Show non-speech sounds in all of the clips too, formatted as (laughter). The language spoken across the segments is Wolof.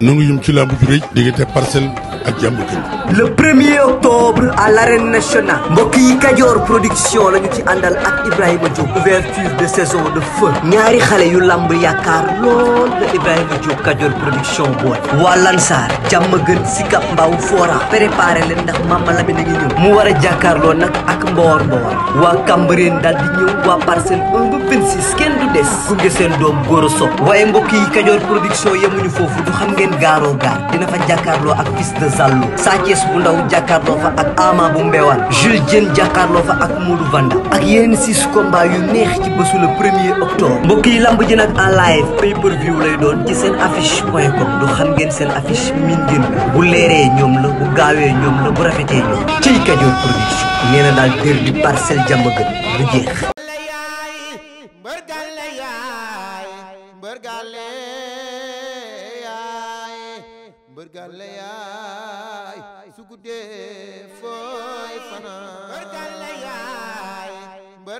nu ngi jëm ci làmb ju rëy diggante parcelle ak jàmm premier octobre à l'arène nationale mbokk yi Kajoor production la ñu ci àndal ak Ibrahima Diop ouverture de saison de feu ñaari xale yu lamb yaakaar lool la Ibrahima Diop Kajoor production boole waa Lansar jàmm gën Sikap Mbao Fora préparé leen ndax Mama Lamine a ngi ñëw mu war a jàkkaarloo nag ak mboor Mbowar waa Cambérène daal di ñëw waa parcelle 1 ba kenn du des gunge seen doom góor a sopp waaye mbokk yi Kajoor production yemuñu foofu du ngeen gaaroo gaar dina fa jàkkaarloo Zallo Sa Thiès bu ndaw jàkkaarloo fa ak Ama bu Mbewaan Jules Diène jàkkaarloo fa ak Modou Vanda ak yeneen six combats yu neex ci bésu premier octobre mbokk lamb ji nag en live pay view lay doon ci seen affiche point du xam ngeen seen affiche min ngeen bu leeree ñoom la bu gaawee ñoom la bu rafetee ñoom ciy Kajoor production nee na daal dër di parcelle jàmm bu jeex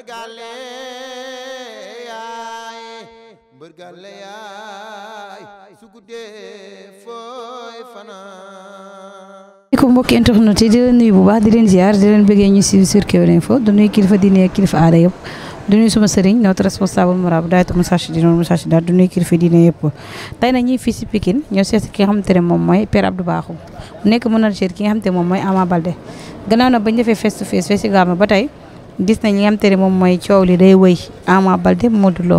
mbërgale yaay mbërgale yaay su guddee fooy fanaan ko mbokki internet yi di leen nuyu bu baax di leen ziar di leen bëggee ñu si sur Kewel Info di nuyu kilifa diine ak kilifa aada yëpp di nuyu suma sëriñ notre responsable moral bu daayatu Musashi di noonu Musashi daal di nuyu kilifa diine yëpp tey na ñuy fii si Pikine ñoo seet ki nga xamante ne moom mooy Père Abdou Bakhoum mu nekk manager ki nga xamante ne moom mooy Ama Baldé gannaaw na bañ defee face to face ba tey gis nañ li nga ne moom mooy coow li day wëy Ama Baldé Modou Lo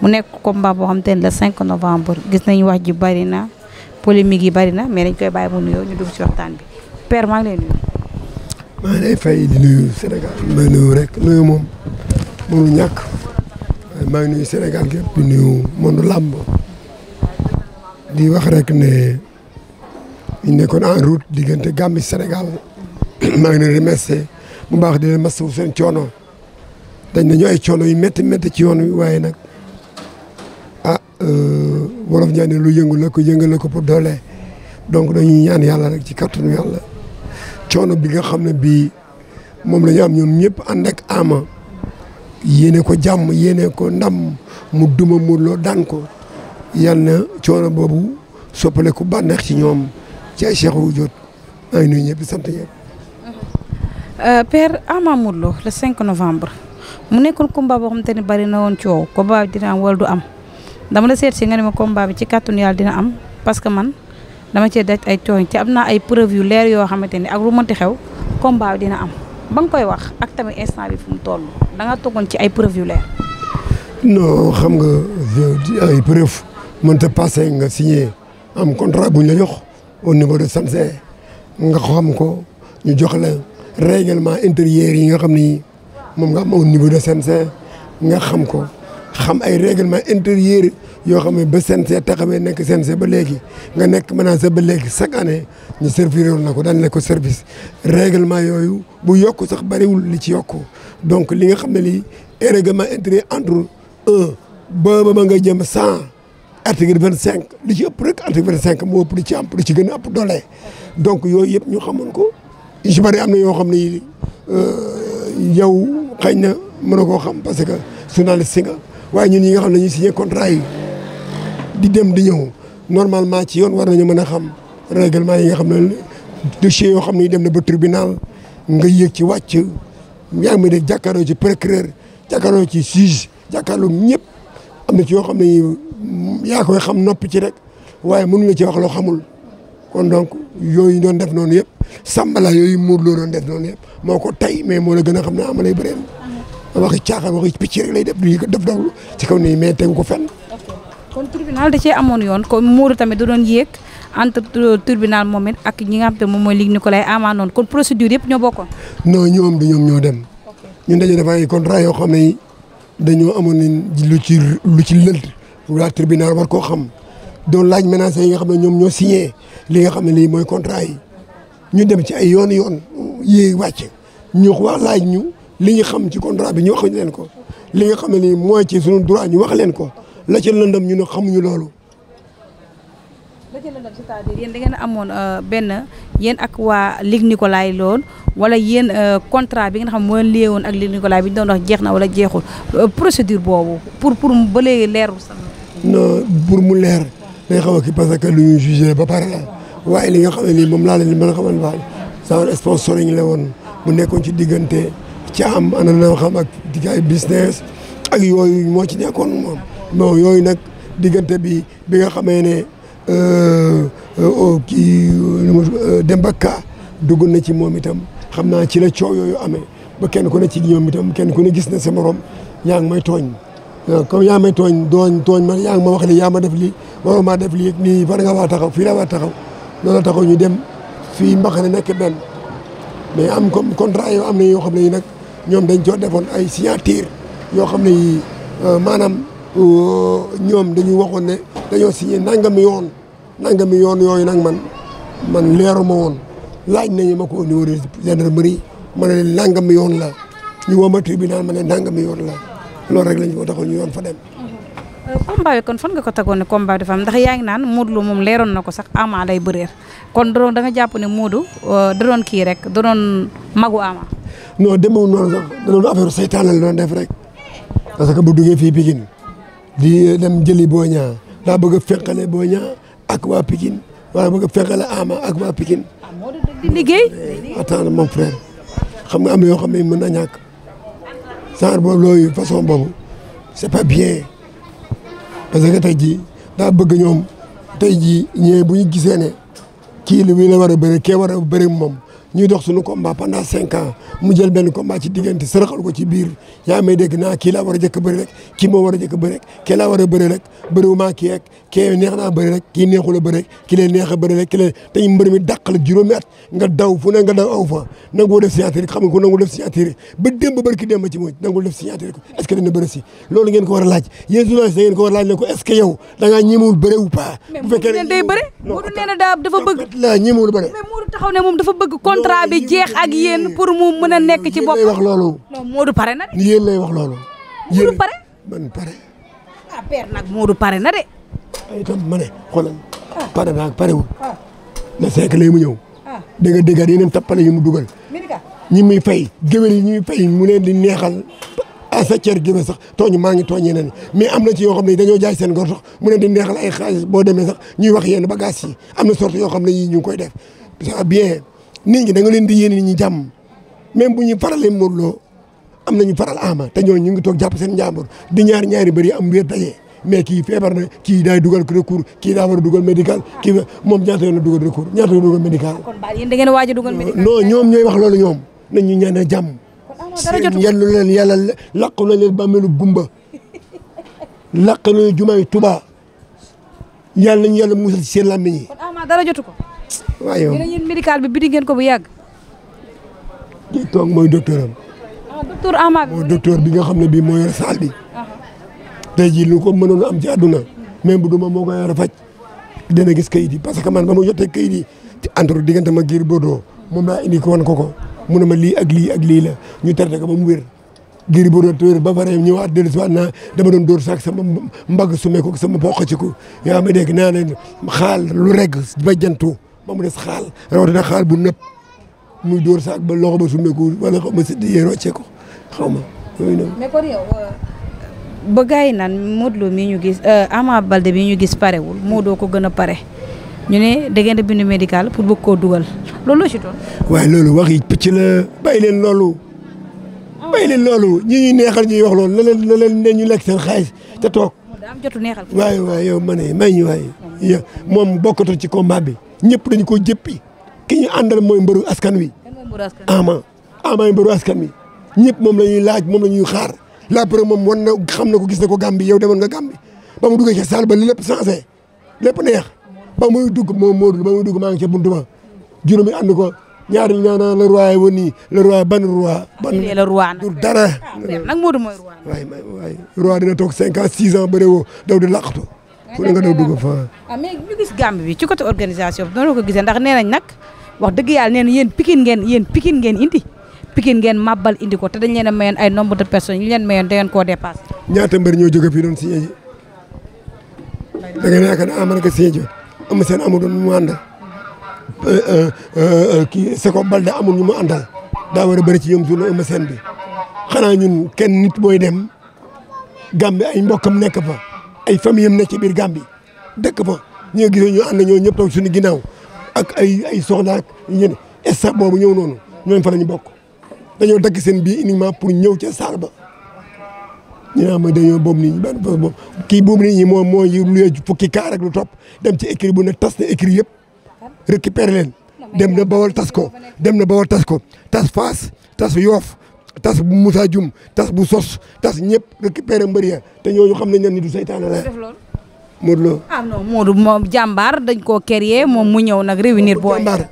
mu nekk combat boo xamante ne le cinq novembre gis nañu wax ji bari na polémique yi bari na mais dañ koy bàyyi mu nuyoo ñu dugg ci waxtaan nuyu. maa ngi lay fay di nuyu Sénégal maa nuyu nuyu moom mënu ñàkk maa di nuyu monde wax rek ne ñu en route diggante Gambie Sénégal maa ngi leen bu baax di leen masawu seen coono dañ nañu ay coono yu métti métti ci yoon wi waaye nag ah euh, wolof ñaa ne lu yëngu la ko yëngale ko pour doole donc dañuy ñaan yàlla nag ci kattanu yàlla coono bi nga xam ne bii moom la ñu am ñoom ñëpp ànd ak ama yéene ko jàmm yéene ko ndam mu duma mu loo daan ko yal na coono boobu soppale ku bànneex ci ñoom ci ay cheikh wu jot maa ngi nuyu ñëpp sant Euh, père Ama Modou Lo le 5 novembre mu nekkoon combat boo xamante ne bari na woon coow combat bi dina am wala du am dama la seet si nga ne ma combat ci kàttanu dina am parce que man dama cee daj ay coow te am naa ay preuve yu leer yoo xamante ne ak lu mënti xew combat dina am ba nga koy wax ak tamit instant bi fu mu toll da nga toogoon ci ay preuve leer. non xam nga ay preuve mënta nga signé am contrat bu ñu la jox au niveau de Sanse nga ko ñu jox la. règlement intérieur yi nga xam ni moom nga moom au niveau de CNG nga xam ko xam ay règlement intérieur yoo xam ne ba CNG taxawee nekk CNG ba léegi nga nekk manager ba léegi chaque année ñu servir na ko daan la ko service règlement yooyu bu yokk sax bariwul li ci yokk donc li nga xam ne lii règlement intérieur entre un ba ba nga jëm cent article vingt cinq li ci ëpp rek article vingt cinq moo ëpp li ci am li ci gën a doole donc yooyu yëpp ñu xamoon ko yu si am na yoo xam ne yaw euh, xëy na mën a koo xam parce que journaliste si waaye ñun ñi nga xam na ñu si contrat yi di dem di ñëw normalement ci yoon war nañu mën a xam règlement yi nga xam ne dossier yoo xam ne dem na ba tribunal nga yéeg ci wàcc yaa ngi may dégg jàkkaarloo ci procureur jàkkaarloo ci juge jàkkaarloo ñëpp am na ci yoo xam ne yaa koy xam noppi ci rek waaye mënu la ci wax loo xamul kon donc yooyu doon def noonu yëpp. sàmbala yooyu muur looloon def noonu yëpp moo ko tay mais moo la gën a xam ne amalay bëreem waxi caaxaan waxi picc rek lay def du ko def ci kaw nii mais tegu ko fenn. kon tribunal da cee amoon yoon kon moo tamit da doon yéeg entre tribunal moom it ak ñi nga xam te moom mooy Ligue Nicolas amaa noonu kon procédure yëpp ñoo bokkoon. non ñoom du ñoom ñoo dem. ñun dañoo def ay contrat yoo xam ne dañoo amoon lu ci lu ci lënt waa tribunal war koo xam doon laaj menaces yi nga xam ne ñoom ñoo si li nga xam ne lii mooy contrat yi. ñu dem ci ay yoon yoon yi wàcc ñu wax laaj ñu li ñu xam ci contrat bi ñu wax leen ko li nga xam ne nii ci suñu droit ñu wax leen ko la ca lëndam ñu ne xamuñu loolu. la ca lëndam c'est-à-dire yéen da ngeen amoon euh, benn yéen ak waa Ligue Nicolas lool wala yéen euh, contrat bi nga xam mooy lié woon ak Ligue Nicolas bi ñu doon wax jeex na wala jeexul euh, procédure boobu pour pour ba léegi leerul sax. non pour mu leer day xaw a kii parce que lu ñu jugé ba pare la. waaye li nga xam ne nii moom laa leen mën a xamal baal genre sponsoring la woon bu nekkoon ci diggante caam ana na xam ak diggaay business ak yooyu moo ci nekkoon moom bon yooyu nag diggante bi bi nga xamee ne euh, euh, oh, kii euh, Demba Ka dugg na ci moom itam xam naa ci la coow yooyu amee ba kenn ku ne ci ñoom itam kenn ku ne gis na sa morom yaa ngi may tooñ comme yaa may tooñ dooñ tooñ man yaa ngi ma wax ni yaa ma def lii waroo maa def lii nii fan nga waa taxaw fii la waa taxaw loolu taxaw ñu dem fii Mbaxane nekk benn mais am comme contrat yo am na yoo xam ne yi nag ñoom dañ coo defoon ay signature yoo xam ne yi euh, maanaam euh, ñoom dañuy waxoon ne dañoo signé nangami yoon nangami yoon yooyu nag man man leeru ma woon laaj nañu ma ko au niveau de gendarmerie ma ne leen nangami yoon la ñu woo bi tribunal ma ne nangami yoon la loolu rek lañ ko taxaw ñu yoon fa dem combat bi kon fan nga ko tegoon ne combat dafa ndax yaa ngi naan Modou Lo moom leeroon na ko sax Ama lay bëreer kon da doon da nga jàpp ne Modou euh, da kii rek da magu Ama. non demeewul noonu sax da def rek parce que bu fii Pikine di dem jëli Boy Niang daa bëgg a fekkale Boy Niang ak waa Pikine waaye bëgg a fekkale ak waa Pikine. ah Modou di liggéey. attends mon frère xam nga am yoo xam ne mën na ñàkk genre boobu loolu façon boobu c'est bien. parce que tey jii daa bëgg ñoom tey jii ñee bu ñu gisee ne kii li muy la war a bëri kee war a bëri moom ñuy dox suñu combat pendant cinq ans mu jël benn combat ci diggante saraxal ko ci biir yaa may dégg naa kii laa war a jëkk bëri rek moo war a jëkk bëri rek kii laa war a bëri rek a bëri rek a nga daw fu nga daw aw fa nangoo def signature xam nga ko def signature ba démb barki démb ci mooy nangu def signature ko est ce que si loolu ngeen ko war laaj yéen journaliste da ko war laaj ne ko est ce que yow da ngaa ñemewul bëri ou dafa bëgg la contrat bi jeex ak yéen pour mu mën a nekk ci bopp. wax loolu. non pare na de. yéen lay wax loolu. Modou pare man pare. ah père nag pare na ah, ma ne xoolal ah. pare naa parewul. Ah. na seek lay mu ñëw. da nga déggaat yeneen tappale yu mu dugal. ñi muy fay géwél yi ñi muy mu leen di neexal à sa cër géwél sax tooñu maa ngi tooñee nen mais am na ci yoo xam ne dañoo jaay seen gor sax mu leen di neexal ay boo demee sax ñuy wax yenn bagages yi am na sorte yoo xam ne yii ñu koy def ça bien. nit ñi da nga leen di yéene nit ñi jàmm même bu ñuy faralee Modou Lo am nañu faral Ama te ñooñu ñu ngi toog jàpp seen njàmbur di ñaar ñaari bëri am wér daje mais ki feebar na kii daay dugal recours kii daa war a dugal médical ki moom ñaata yoon la dugal recours ñaata yoon la dugal médical. kon baal yéen da ngeen a waaj a dugal médical. non ñoom ñooy wax loolu ñoom nañ ñu ñaan a jàmm. seen yàllu leen yàlla làqu na leen bàmmeelu gumba làq na jumaay Tuubaa yàlla nañu yàlla musal ci seen làmmiñ yi. ko. waaw yow yéen ñun bi bidi ngeen ko bu yàgg. mooy docteur am. ah bi mooy docteur bi nga xam ne bii mooy yor saal bi. Ah. tey jii lu ko mënoon am ci àdduna. même bu duma moo ko yor a faj. dana gis kayit yi parce que man ba ma jotee kayit yi ci entre diggante ma Gris Bordeaux moom laa indi ko wan ko ko mun ne ma lii ak lii ak lii la ñu traité ko ba mu wér. Gris Bordeaux tër ba pare ñëwaat dellusiwaat naa dama doon dóor sax sama mbagg su ma ko sama poq ci ko yaa ma dégg naa leen xaal lu reg ba ba mu des xaal rawatina xaal bu nëpp muy dóor saak ba loxo ba summeeku wala xaw ma si di yee rocce ko xaw ma yooyu noonu. mais kon yow euh, yi naan Modou Lo mi ñu gis euh, Ama Balde bi ñu gis parewul moo doo ko gën a pare ñu ne da ngeen di bindu médical pour bëgg koo dugal loolu la ci doon. waaye loolu wax yi picc leen loolu. bàyyi leen loolu ñi ñuy neexal ñuy wax loolu la leen la leen ñu lekk seen xaalis te toog. waaye waaye yow ma ne may ñu waaye yow moom bokkatul ci combat bi ñëpp dañu ko jëppi ki ñu àndal mooy mbëru askan wi ama amaay mbëru askan wi ñëpp moom la ñuy laaj moom la ñuy xaar la preuve moom wan na xam na ko gis na ko Gàmbi yow demoon nga Gàmbi ba mu duggee ca salle ba lépp changé lépp neex ba muy dugg moom Modou ba muy dugg maa ngi ca juróom ba juróomi ànd ko ñaari ñaanaa le roi wa nii le roi ban roi. ban le roi du dara. nag Modou mooy roi. waay waay roi dina toog cinq ans six ans bëre woo daw di laqatu. fu ne nga daw dugg fa. ah mais ñu gis gàmb bi ci côté organisation bi noonu la ko gisee ndax nee nañ nag wax dëgg yàlla nee na yéen pikin ngeen yéen pikin ngeen indi pikin ngeen màbbal indi ko te dañ leen a mayoon ay nombre de personnes yi ñu leen mayoon da ngeen koo dépassé. ñaata mbër ñoo jóge fii doon signé ji da ngeen yaakaar ne ah man ak a signé ji am seen amu doon mu ànd Euh, euh, euh, kii Secom Balde amul ñu mu anta daa war a bëri ci ñoom journée Eumeu Sène bi xanaa ñun kenn nit booy dem Gambie ay mbokkam nekk fa ay famille am nekk ci biir Gambie dëkk fa ñi nga gisee ñu ànd ñoo ñëpp toog suñu ginnaaw ak ay soxna ak ñeneen ñëw noonu ñooñu fa lañu bokk dañoo dagg seen bii uniquement pour ñëw ca salle ba ñu naan ah, mooy dañoo boobu nit ñi ban kii boobu nit ñi moom moo yu luyee fukki kaar ak lu topp dem ci écrit bu ne tas na écrit yëpp. récupérer leen dem na Bawol tas ko dem na Bawol tas ko tas Faas tas Yoof tas bu Moussa Dioum tas bu sos tas ñëpp récupérer mbëri ya te ñooñu xam nañ ne ni du seytaane la Modou Lo ah moom jàmbaar dañ koo créer moom mu ñëw nag réunir boo jàmbaar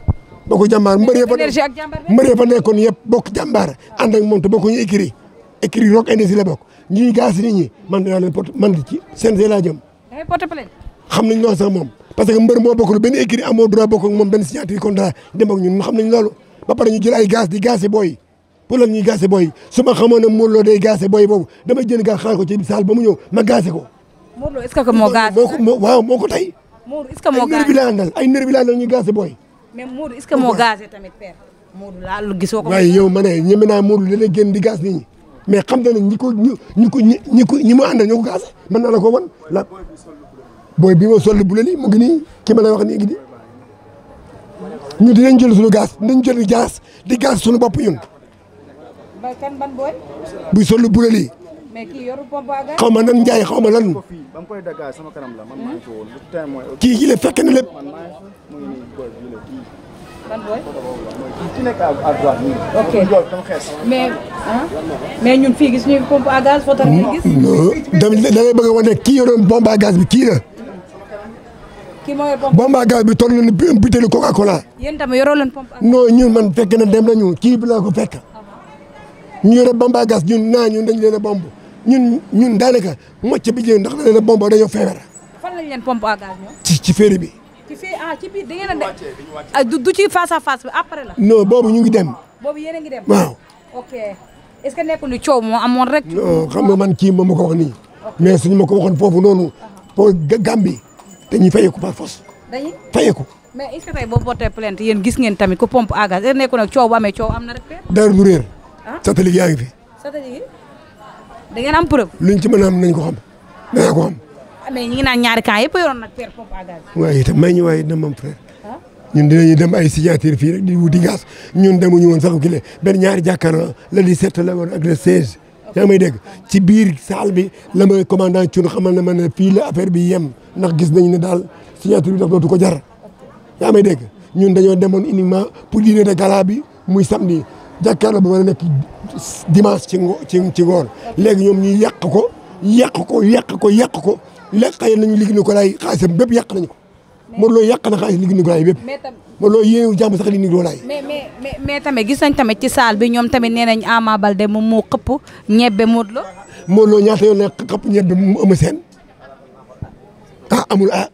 bokku jàmbaar mbëri fa mbëri fa nekkoon yëpp bokk jàmbaar ànd ak moom te bokkuñu écrit écrit rock énergie la bokk ñuy gaas nit ñi man dinaa leen porte man ci seen laa jëm xam nañ ñoo sax moom parce que mbër moo bokkul benn écrit amoo droit bokk ak moom benn signature contrat dem ak ñun xam nañ loolu ba pare ñu jël ay gaz di gazé booy pour lan ñuy gazé booy su ma xamoon ba mu ñëw ma ay nervi la àndal ay nervi laal gisoo ko. waaye yow ma ne ñeme naa Modou dana génn di gaz nit ñi xam nga ne ñi ko ñi ko ñi ko ñi ko gazé mën naa la ko wan booy bii ma sol bu la mu ngi nii ki ma lay wax nii ngi nii ñu dinañ jël suñu gaz dinañ jël di gaz suñu bopp ñun. ba sol bu la lii. mais kii xaw ma nan Ndiaye xaw ma lan. kii yi la fekk na lépp. ban booy. ok mais ah mais ñun fii gis ñu pompe a wax ne kii yoroon pompe à gaz bi kii la. kii mooy pompe bombaakaay bi toll ni butéelu Coca Cola. yéen tam yoroo leen pompe non ñun man fekk na dem nañu kii bi laa ko fekk. Ah. ñu yore bomba gas ñun naa ñun dañ leen a bomb ñun ñun daanaka mocc bi jëlee ndax da leen a bomb dañoo feebar. fan lañ leen pompe à gaz ñoom. ci ci féeri bi. ci féeri ah ci a ah, du ci face à face bi après la. boobu ñu ngi dem. boobu yéen a ngi dem. waaw. ok est ce que coow moo amoon rek. xam nga man kii moom ma ko wax nii. mais suñu ma ko waxoon foofu noonu. pour Gambie. dañuy fayeeku par force. dañuy fayeeku. mais est-ce que tey boo bootee plainte yéen gis ngeen tamit ku pompe à gaz nekku nag coow bu amee coow am na rek. dara du réer. satellite yaa ngi fi. satellite yi da ngeen am preuve. luñ ci mën a am nañ ko xam danaa ko xam. Ah, mais ñu ngi naan ñaari camp nag per pompe à gaz. waaye itam may ñu waaye itam moom frère. Ah. ñun dinañu dem ay signature fii rek di wuti gaz la benn ñaari la 17 la woon yaa may dégg ci biir salle bi la ma commandant Thioune xamal na ma ne fii affaire bi yem ndax gis nañu ne daal signature bi daf dootu ko jar yaa ngi may dégg ñun dañoo demoon uniquement pour dîner de galaa bi muy samedi jàkkaarloo ba war a nekk dimance ci ngo ci ci ngoon léegi ñoom ñu yàq ko yàq ko yàq ko yàq ko yàq nañu liggéey ni ko laay xaalisam bépp yàq nañu ko Modou Lo yàq na xaalis liggéey ni ko laay bépp ma loolu yéewu jàmm sax li ni loolaay mais mais mais tamit gis nañ tamit ci saal bi ñoom tamit nee nañ Ama Baldé moo xëpp ñebbe Modou Lo Modou Lo ñaata yoon la xëpp ñebbe mu Eumeu Sène ah amul ah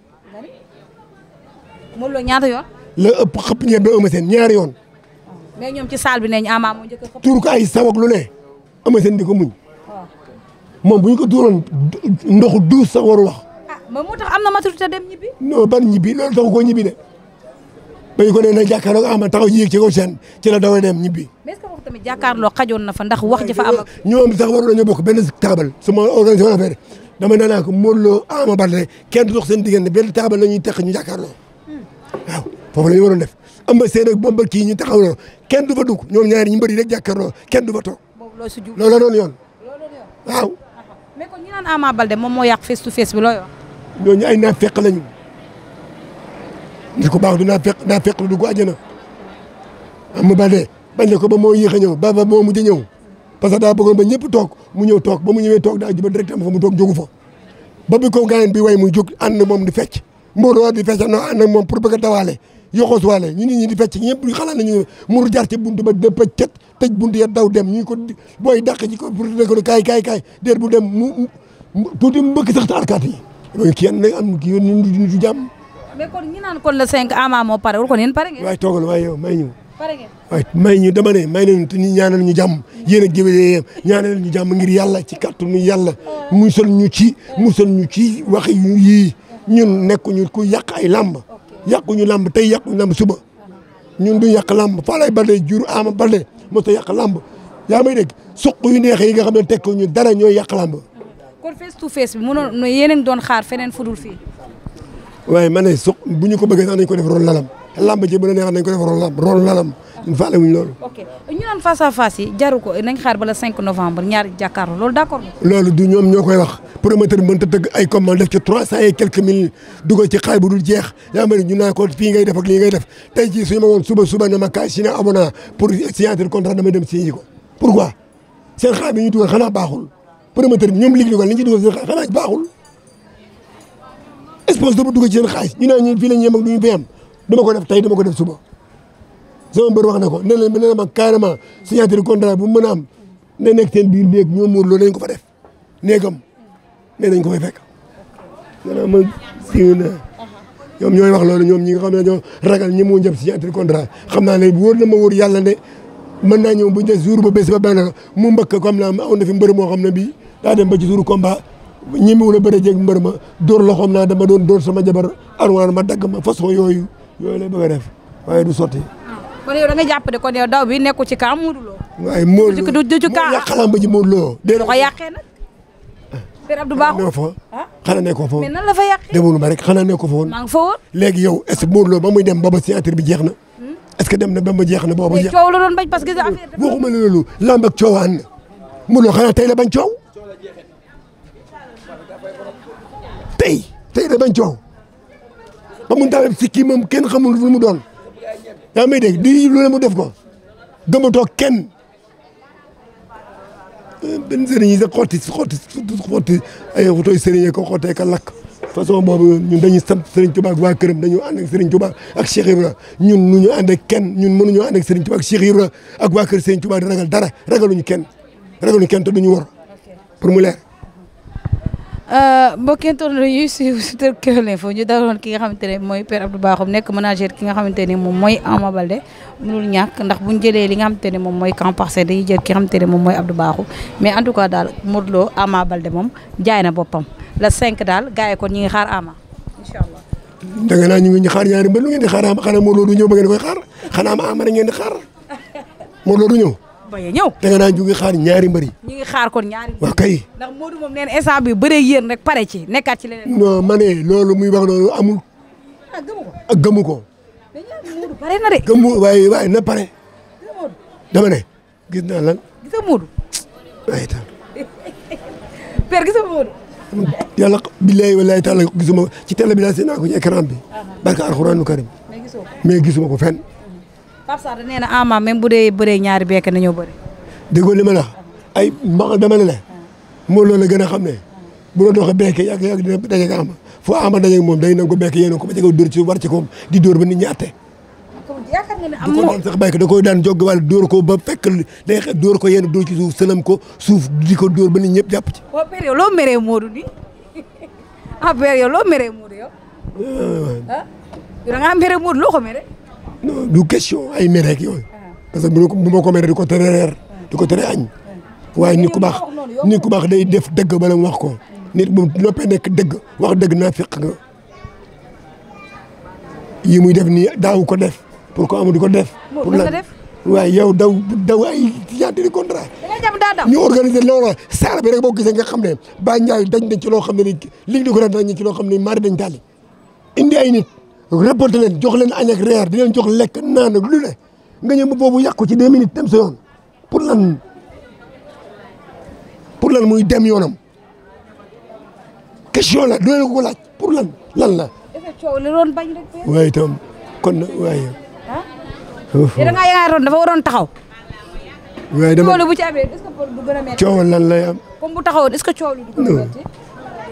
Modou ñaata yoon la ëpp xëpp ñebbe Eumeu Sène ñaari yoon mais ñoom ci saal bi nee nañ Ama moo njëkk a ko ay sawak lu ne Eumeu Sène di ko muñ moom bu ñu ko tuuroon ndoxu duus sax waru wax ma ah, mais moo tax am na maturité dem ñibbi non ban ñibbi loolu taxu koo ñibbi de ba ñu ko nee nag jàkkaarloo ama taxaw ñu yëg ci kaw seen ci la dawa dem ñibbi. mais est-ce na fa ndax wax ji fa am. ñoom sax waroon nañoo bokk benn taabal sama organisation affaire dama nee naa ko Modou kenn du dox seen diggante benn taabal la ñuy teq ñu jàkkaarloo hmm. waaw foofu la ñu waroon def am na seen ak bomba kii ñu taxawloo kenn du fa dugg ñoom ñaari ñu mbëri rek jàkkaarloo kenn du fa toog. loo la doon yoon waaw. mais kon ñi naan Ama de moom moo yàq face to face bi looy ñoo ñooñu ay naafeq lañu nit ko baax du naa fekk naa fekk lu dugg àjjana ba dee bañ ko ba moo yéex a ñëw ba ba moo mujj a ñëw parce que daa bëggoon ba ñëpp toog mu ñëw toog ba mu ñëwee toog daa jubal directement fa mu toog jógu fa ba bi ko gaayen bi way mu jóg ànd na moom di fecc mbooloo di fecc no ànd ak moom pour bëgg a dawaale yoxoos waale ñu nit ñi di fecc ñëpp xalaat nañu mur jar ci buntu ba dëpp cet tëj buntu ya daw dem ñu ko booy dàq ci ko pour ne ko kaay kaay kaay déet bu dem mu tuuti mu bëgg sax te alkaat yi kenn am kii jàmm mais kon ñi naan kon le 5 Ama moo pare wul kon yéen pare ngeen. waaye toogal waaye may ñu. pare ngeen waaye ñu dama ne may ñu ñaanal ñu jàmm yéen a géwél ñaanal ñu jàmm ngir yàlla ci kàttanu yàlla musal ñu ci musal ñu ci wax yu ñu ñun nekkuñu ku yàq ay làmb ñu làmb tey yàquñu làmb suba ñu du yàq làmb Falaye Baldé jur Ama Baldé moo tax yàq làmb yi may dégg suq yu neex yi nga xam ne tekkuñu dara ñooy yàq làmb kon face to face feneen fudul fii waaye ma ne suq bu ñu ko bëggee sax nañ ko def rôle lalam lamb ji bu la neexee nañ ko def rôle lalam rôle lalam ñu faale wuñ loolu. ok ñu naan face à face yi jaru ko nañ xaar bala 5 novembre ñaari jàkkaarloo loolu d' accord. loolu du ñoom ñoo koy wax promoteur bi mënut a tëgg ay commandes def ci 300 et quelques mille dugal ci xaay bu dul jeex yaa ma ne ñu naan ko fii ngay def ak lii ngay def tey jii suñu ma woon suba suba ne ma kaay signé abonné pour signature contrat damay dem signé ko pourquoi seen xaay bi ñu dugal xanaa baaxul promoteur bi ñoom liggéeyugal li ñu ci dugal seen xaay xanaa baaxul sponsor bu dugg ci seen xaalis ñu ne ñu fii la ñu yem ak ñu béyam dama ko def tey dama ko def suba sama mbër wax na ko nee na nee na ma carrément signature contrat bu mën a am ne nekk seen biir néeg ñoo muur loolu lañ ko fa def néegam nee nañ ko fay fekk nee ma siiw na ñoom ñooy wax loolu ñoom ñi nga xam ne ñoo ragal ñi mu njëb signature contrat xam naa ne wóor na ma wóor yàlla ne mën naa ñëw bu ñu jour ba bés ba benn mu mbëkk comme naa aw na fi mbër moo xam ne bii daa dem ba ci ñemewul a bëri jeeg mbër ma dóor loxoom naa dama doon dóor sama jabar arwaan ma dagg ma façon yooyu yooyu lay bëgg a def waaye du sotti. Ah, kon yow da nga jàpp ne kon yow daw bi nekku ci kaa Modou Lo. waaye Modou Lo du ci kaa xalaam ba ci Modou Lo. dee na ko yàqee nag. Père Abdou Bakhoum fa ah. xanaa nekk ko fa woon mais nan la fa yàqee. demul ma rek xanaa nekk ko fa woon. maa ngi fa woon. léegi yow est-ce que Modou Lo ba muy dem booba signature bi jeex na. Hmm? est-ce que dem na ba mu jeex na booba. jeex mais coow la doon bañ parce que. affaire waxuma loolu lamb ak coowaan Modou Lo xanaa tey la bañ coow tey tey da bañ coow ba mu tawee sikki moom kenn xamul lu mu doon yaa may dégg di lu ne mu def ko gëmatoo kenn benn sëriñ yi sax xotti xotti xotti ay tooy sëriñ ko xottee ka lakk façon boobu ñun dañuy sant Serigne Touba ak waa dañu ànd ak Serigne Touba ak Cheikh Ibra ñun nu ñu ànd ak kenn ñun mënuñoo ànd ak Serigne Touba ak Cheikh Ibra ak waa kër Serigne Touba di ragal dara ragaluñu kenn ragaluñu kenn wor pour mu leer Euh, mbokki tournée yi suivre sur Kewel Info ñu daloon ki nga xamante ne mooy Père Abdou Bakhoum nekk manager ki nga xamante ne moom mooy Ama Baldé mënul ñàkk ndax buñ jëlee li nga xamante ne moom mooy Camp Parcelles dañuy jël ki nga xamante moom mooy Abdou Bakhoum mais en tout cas Lo Ama moom jaay na boppam la 5 daal gars yi kon ñu ngi xaar Ama incha allah. da nga naan ñu ngi ñu xaar lu Ama rek ngeen di xaar Modou bañ a ñëw da nga naan ñu ngi xaar ñaari mbëri ngi xaar kon ñaari mbëri waaw kay ndax Modou moom nee na instant bi bëree yéen rek pare ci nekkaat ci leneen non ma ne loolu muy wax noonu amul ak ah, gëmu ko ah, Modou pare na na pare dama ne gis naa lan gisa Modou waaye tam (laughs) billahi wallahi taala gisuma ci télé bi laa seen naa ko ci écran bi ah, barka alxuraanu karim mais gisuma ko fenn Pape Sarr nee na ah, Ama même dee bëree ñaari bekk nañoo bëri. déggoo li ma ay ma dama ne la moo loolu gën a xam ne bu doon doxee bekk yàgg yàgg dina dajeeg Ama foo Ama dajeeg moom day nangu ko bekk yéen ko ba jege dóor ci war ci koom di dóor ba nit ñi àtte. yaakaar nga sax béykat da koy daan jog wàll dóor ko ba fekk day dóor ko yenn dóor ci suuf sëlam ko suuf di ko dóor ba nit ñëpp jàpp ci. waaw père yow loo meree Modou nii (laughs) ah, ah loo ko meree. non du question ay mere ak yooyu ah. parce que bu ma ko mere di ko tere reer di ko tere añ ah. waaye ni ku baax nit ku baax day def dëgg bala mu wax ko nit bu noppee nekk dëgg wax dëgg naa fiq nga yi muy def nii daaw ko def pour ko amul di ko def pour lan waaye yow daw daw ay signature de contrat ñu organiser loola saal bi rek boo gisee nga xam ne ba Ndiaye dañ dañ ci loo xam ne ni ligue de grande dañ ci loo xam ne mari dañ tàlli indi ay nit répété leen jox leen añ ak reer di leen jox lekk naan ak lu ne nga ñëw ba boobu yàqu ci deux minutes dem sa yoon pour lan pour lan muy dem yoonam question la doo leen ko laaj pour lan lan la. dafa coow kon waaye. ah. da ngaa yaakaaroon dafa waroon taxaw. waaye dama coow bu ci amee est-ce que du lan lay am. comme bu taxawoon est-ce que coow lu du gën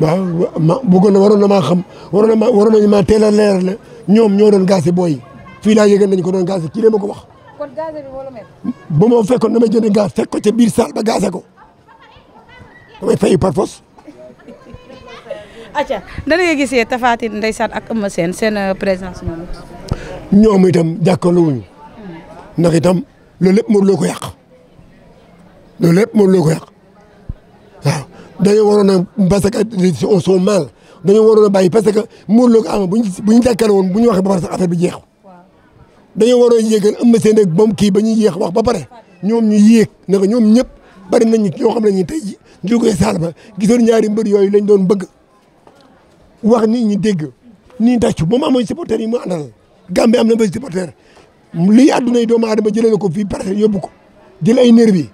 waaw ma bëggoon na waroon na maa xam waroon na ma waroon nañu maa teel a leer la ñoom ñoo doon gaase booy yi fii laa yëgal nañu ko doon gaase kii la ma ko wax. kon gaase bi moo la mel. ba ma jënd gaz fekk ko ca biir saal ba gaase ko damay fayu par force. acca nan nga gisee Tapha Tine ak Eumeu Sène seen euh, présence noonu. ñoom itam jàkkaarloowuñu ndax itam loolu lépp Modou Lo ko yàq loolu lépp Modou Lo ko yàq dañoo waroon a parce que les gens sont mal dañoo waroon a bàyyi parce que Modou Ama bu ñu bu ñu jàkkaarloo woon bu ñu waxee ba pare sax affaire bi jeex dañoo waroon yéegal Eumeu Sène ak moom kii ba ñuy yéex wax ba pare ñoom ñu yéeg na ko ñoom ñëpp bari nañu ñoo xam ne ñu tey ji jógee saal ba gisoon ñaari mbër yooyu lañu doon bëgg wax nit ñi dégg nii tàccu moom amoon supporter yi mu àndal Gambie am na ba supporter lii àdduna yi doomu aadama jëlee ko fii pare yóbbu ko jël ay nerf yi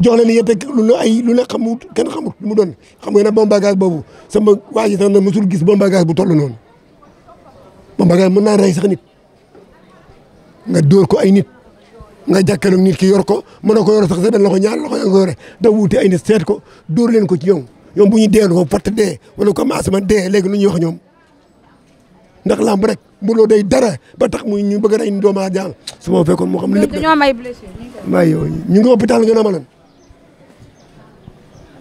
jox leen yéen lu ne ay lu ne xamul kenn xamul lu mu doon xam nga ne bon bagage boobu sama waa ji sax na mosul gis bon bagage bu toll noonu bon bagage mën naa rey sax nit nga dóor ko ay nit nga jàkkaarloog nit ki yor ko mën a ko yor sax sa den loxo ñaar loxo yaa yore da wuute ay nit seet ko dóor leen ko ci ñoom ñoom bu ñu dee ko fatt dee wala commencement dee léegi lu ñuy wax ñoom ndax lamb rek mbooloo day dara ba tax muy ñu bëgg a rey doomu aadama su ma fekkoon moo xam. lépp de ñoo may blessé. waaye yooyu ñu ngi hôpital ma lan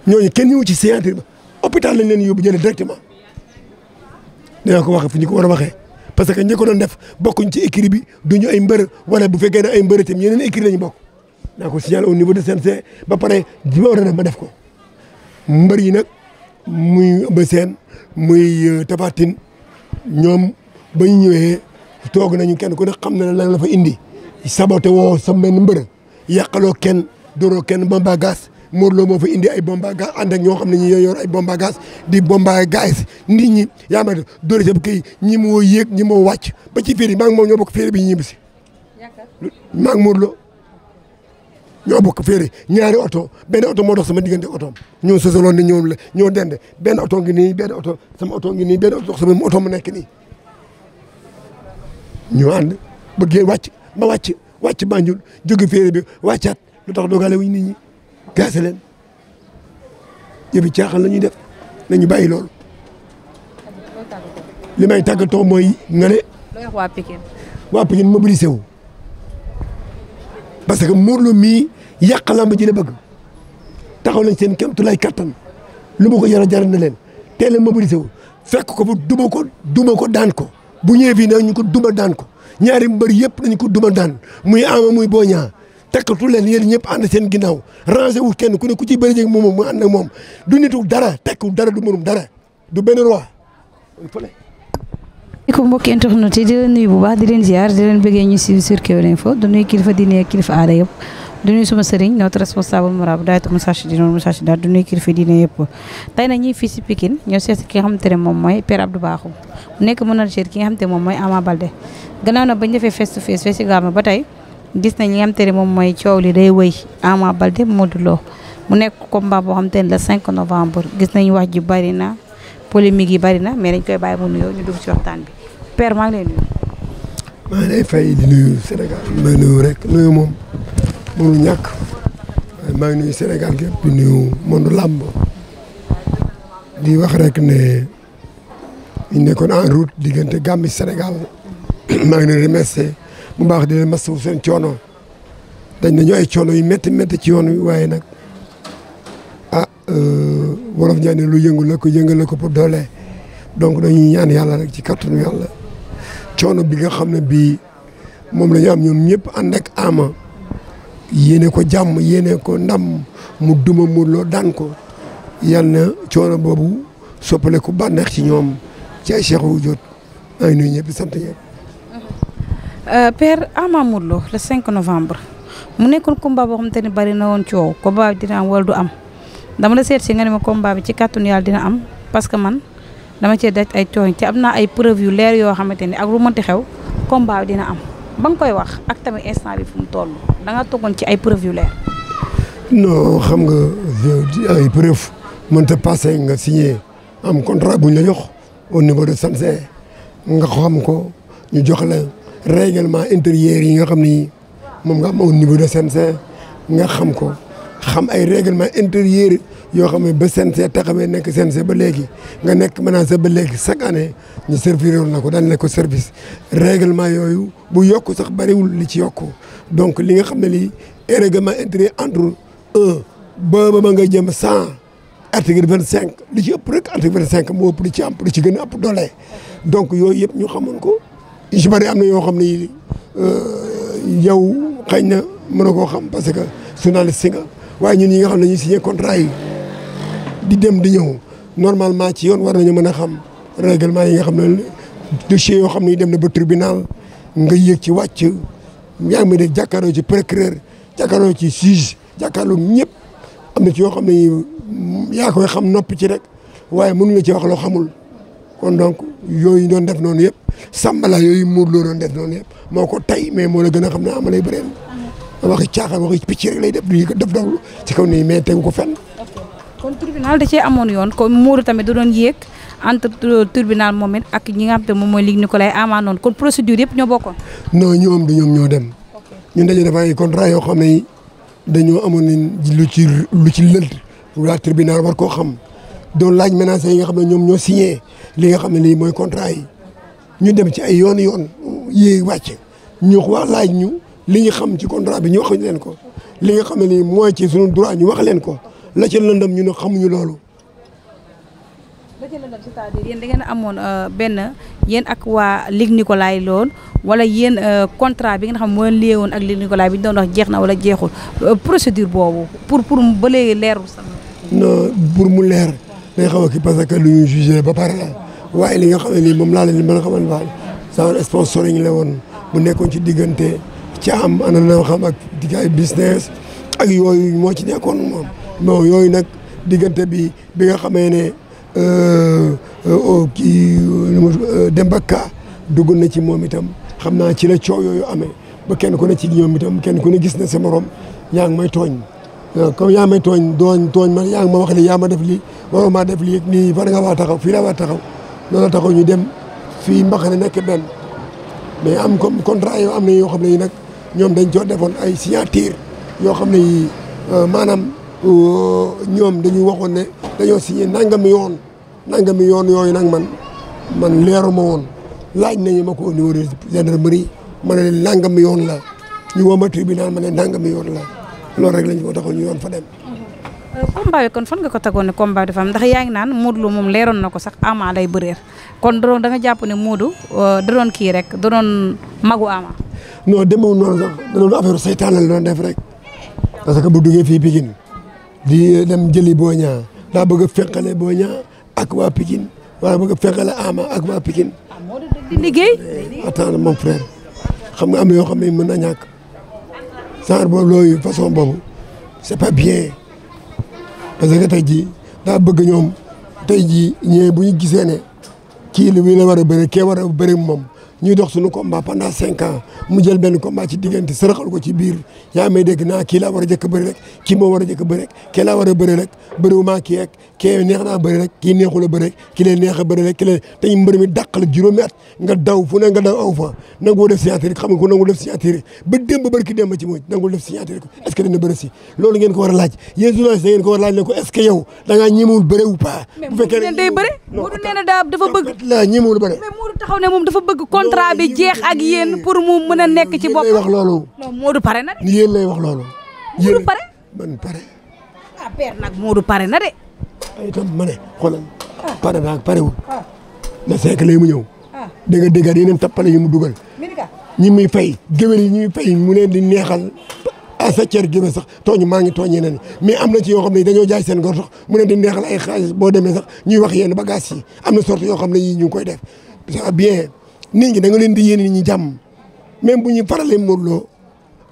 ñooñu kenn ñëw ci signature ba hôpital lañ leen yóbbu jële ne directement dinaa ko waxee fu ñu ko war a waxee parce que ñi ko doon def bokkuñ ci ekiri bi duñu ay mbër wala bu fekkee ne ay mbër itam yeneen écrit nañu bokk naa ko signaler au niveau de CNG ba pare bi ma war a def ma def ko mbër yi nag muy Eumeu Sène muy euh, Tapha ñoom ba ñu ñëwee toog nañu kenn ku ne xam na lan la fa indi saboté woo sa benn mbër yàqaloo kenn dóoroo kenn ba bagaas Modou Lo moo fa indi ay bomba gaz ànd ak ñoo xam ne ñi yor ay bomba gaz di bomba gaz ñi yaa ma dóor sab kii ñi moo yéeg ñi moo wàcc ba ci féeri maa ngi moom ñoo bokk féeri bi ñibbi si maa ngi Modou ñoo bokk féeri ñaari oto benn oto moo dox sama diggante oto ñoo sosaloon ni ñoom la ñoo dend benn oto ngi nii benn oto sama oto ngi nii benn oto mu nekk nii ñu ànd bëggee wàcc ma wàcc wàcc Banjul jóge féeri bi wàccaat lu tax dogale wuñ nit ñi gaase leen yëfi caaxaan la ñuy def nañu bayi lool li may tàggatoo mooy nga ne. looy wax waa Pikine. waa mobilisé wu. parce que Modou Lo mii yàq lamb ji la bëgg taxaw nañ seen kéem tolluwaay kattan lu ma ko jar na leen teel a wu fekk ko fa duma ko duma ko daan ko bu ñëwee fii nag ñu ko duma daan ko ñaari mbër yëpp dañu ko duma daan muy ama muy booñaa takkatu leen yéen ñëpp ànd seen ginnaaw rangé wul kenn ku ne ku ci bëri jëg moom mu ànd ak moom du nitu dara tekku dara du mënum dara du benn roi fële ko mbokki internet yi di leen nuyu bu baax di leen ziar di leen bëggee ñu si sur Kewel Info du nuyu kilifa diine ak kilifa aada yëpp du nuyu suma sëriñ notre responsable moral bu daaytu Moussa di noonu Moussa daal du nuyu kilifa ñoo seet ki nga xamante ne moom mooy Père Abdou Bakhoum mu nekk ki nga xamante ne moom mooy Ama Baldé gannaaw na bañ defee face to face festival ba tey gis nañ li nga ne moom mooy coow li day way wëy Ama Baldé Modou Lo mu nekk combat boo xam te ne le 5 novembre gis nañ wax ji bari na polémique yi bari na mais dañ koy bàyyi mu nuyoo ñu dugg ci waxtaan bi père di nuyu Sénégal maa ngi nuyu rek nuyu moom mënu ñàkk maa ngi nuyu Sénégal gépp di nuyu monde wax rek ne diggante Gambie Sénégal bu baax di leen masawu seen coono dañ nañu ay coono yu métti métti ci yoon yi waaye nag ah euh, wolof ñaan ne lu yëngu la ko yëngale ko pour doole donc dañuy ñaan yàlla nag ci kattanu yàlla coono bi nga xam ne bii moom la ñu am ñoom ñëpp ànd ak ama yéene ko jàmm yéene ko ndam mu duma mu loo daan ko yàlla na coono boobu soppale ku banneex ci ñoom ci ay cheikh wu jot ay nuyu ñëpp sant ñëpp Euh, père Ama Modou Lo le 5 novembre mu nekkoon combat boo xamante ni bari na woon coow combat bi dina am wala du am dama la seet si nga ne ma combat bi ci kàttanu yàlla dina am parce que man dama cee daj ay coow ci am na ay preuve yu leer yoo xamante ni ak lu mënti xew combat dina am ba nga koy wax ak tamit instant bi fu mu toll da nga toogoon ci ay preuve yu leer. non xam nga ay preuve mënta nga signé am contrat bu ñu la jox au niveau de Sanse nga xam ko ñu jox la. règlement intérieur yi nga xam ni moom nga am au niveau de CNG nga xam ko xam ay règlement intérieur yoo xam ne ba CNG taxawee nekk CNG ba léegi nga nekk manager ba léegi chaque année ñu serviroon na ko daan na ko service règlement yooyu bu yokk sax bariwul li ci yokk donc li nga xam ne lii règlement intérieur entre un ba ba nga jëm cent article vingt cinq li ci ëpp rek article vingt cinq moo ëpp li ci am li ci gën a ëpp doole donc yooyu yëpp ñu xamoon ko yu ci am na yoo xam ni euh, yow xëy na mën a koo xam parce que journaliste si nga waaye ñun ñi nga xam ne ñu signé contrat yi di dem di ñëw normalement ci yoon war nañu mën a xam règlement yi nga xam ne dossier yoo xam ne dem na ba tribunal nga yëg ci wàcc yaa ngi may dégg jàkkaarloo ci procureur jàkkaarloo ci juge jàkkaarloo ñëpp am na ci yoo xam ne yaa koy xam nopp ci rek waaye mënu la ci wax loo xamul. kon donc yooyu doon def noonu yëpp sambala yooyu muur loo doon def noonu yëpp moo ko tay mais moo la gën a xam ne amalay bëreen waxi caaxaan waxi picc rek lay def du def ci kaw nii mais tegu ko fenn. kon tribunal da cee amoon yoon kon muuru tamit da doon yéeg entre euh, tribunal moom it ak ñi nga xam te moom mooy Ligue Nicolas amaanoon kon procédure yëpp ñoo bokkoon. non ñoom du ñoom ñoo dem. ñun dañuy def ay contrat yoo xam ne dañoo amoon lu ci lu ci lënt. waa tribunal war koo xam doon laaj menaces yi nga xam ne ñoom ñoo signé. li nga xam ne ni mooy contrat yi ñu dem ci ay yoon yoon yi wàcc ñu wax laaj ñu li ñu xam ci contrat bi ñu wax leen ko li nga xam ne lii mooy ci sunu droit ñu wax leen ko la ca lëndam ñu ne xamuñu loolu. la ca lëndam c'est-à-dire yéen da ngeen amoon euh, benn yéen ak waa Ligue Nicolas lool wala yéen euh, contrat bi nga xam mooy lié woon ak Ligue Nicolas bi ñu doon wax jeex na wala jeexul euh, procédure boobu pour pour ba léegi leerul sax. non pour mu leer day xaw a kii parce que lu ñu jugé ba pare waaye li nga xam ne nii moom laa leen di mën a xamal baax genre sponsoring la woon bu nekkoon ci diggante ci am ana na xam ak diggaay business ak yooyu moo ci nekkoon moom bon yooyu nag diggante bi bi nga xamee ne euh, euh, oh, kii euh, Demba Ka dugg na ci moom itam xam naa ci la coow yooyu amee ba kenn ku ne ci ñoom itam kenn ku ne gis na sa morom yaa ngi may tooñ comme yaa may tooñ dooñ tooñ man yaa ngi ma wax li yaa ma def lii waroo maa def lii nii fan nga waa taxaw fii la waa taxaw loolu taxaw ñu dem fii Mbaxane nekk ben mais am comme contrat yoo am na yoo xam ne yi nag ñoom dañ coo defoon ay signature yoo xam ne yi euh, maanaam euh, ñoom dañuy waxoon ne dañoo signé nangami yoon nangami yoon yooyu nag man man leeru ma woon laaj nañu ma ko au niveau de gendarmerie ma ne leen nangami yoon la ñu woo bi tribunal ma ne nangami yoon la loolu rek lañ ko taxaw ñu yoon fa dem combat bi kon fan nga ko tegoon ne combat bi dafa am ndax yaa ngi naan Modou Lo moom leeroon na ko sax Ama lay bëreer kon da doon da nga jàpp ne Modou euh, da doon kii rek da doon magu Ama. non demeewul noonu sax def rek parce que bu fii Pikine di dem bëgg a feqale ak waa Pikine wala bëgg a feqale ak waa Pikine. ah Modou mon frère xam nga am yoo xam ne mën na ñàkk genre boobu looyu façon boobu c'est bien. parce que tey jii daa bëgg ñoom tey jii ñee bu ñu gisee ne kii li wi la war a bëri kee war a bëri moom ñuy dox suñu combat pendant cinq ans mu jël benn combat ci diggante saraxal ko ci biir yaa may dégg naa kii laa war a jëkk bëri rek kii war a jëkk bëri rek kii laa a bëri rek naa bëri kii neexul a bëri rek neex a bëri rek ki lee teñ mbër mi dàq la juróomi nga daw fu nga daw aw fa nangoo def signature xam nga ko nangul def signature ba démb barki def signature ko est ce si loolu ngeen ko war a laaj yéen journaliste da ngeen ko war laaj ne ko est ce que yow da ngaa ñimewul bëri bu fekkee ne day bëri Modou dafa bëgg contrat bi jeex ak yéen pour mu mën a nekk ci boppam. wax loolu. non Modou pare na de. yéen lay wax loolu. Modou pare man pare. ah père nag Modou pare na de. ay itam ma ne xoolal ah. pare naa pare wul. Ah. na seq lay mu ñëw. Ah. da nga déggaat yeneen tappale yu mu dugal. ñi muy fay géwél yi ñuy fay mu leen di neexal à sa cër géwél sax tooñu maa ngi tooñee nañu mais am na ci yoo xam ne dañoo jaay seen góor sax mu leen di neexal ay xaalis boo demee sax ñuy wax yenn bagages yi am na sorte yoo xam ne yii ñu ngi koy def ça bien. nit ñi da nga leen di yéene ñi jàmm même bu ñu faralee Modou Lo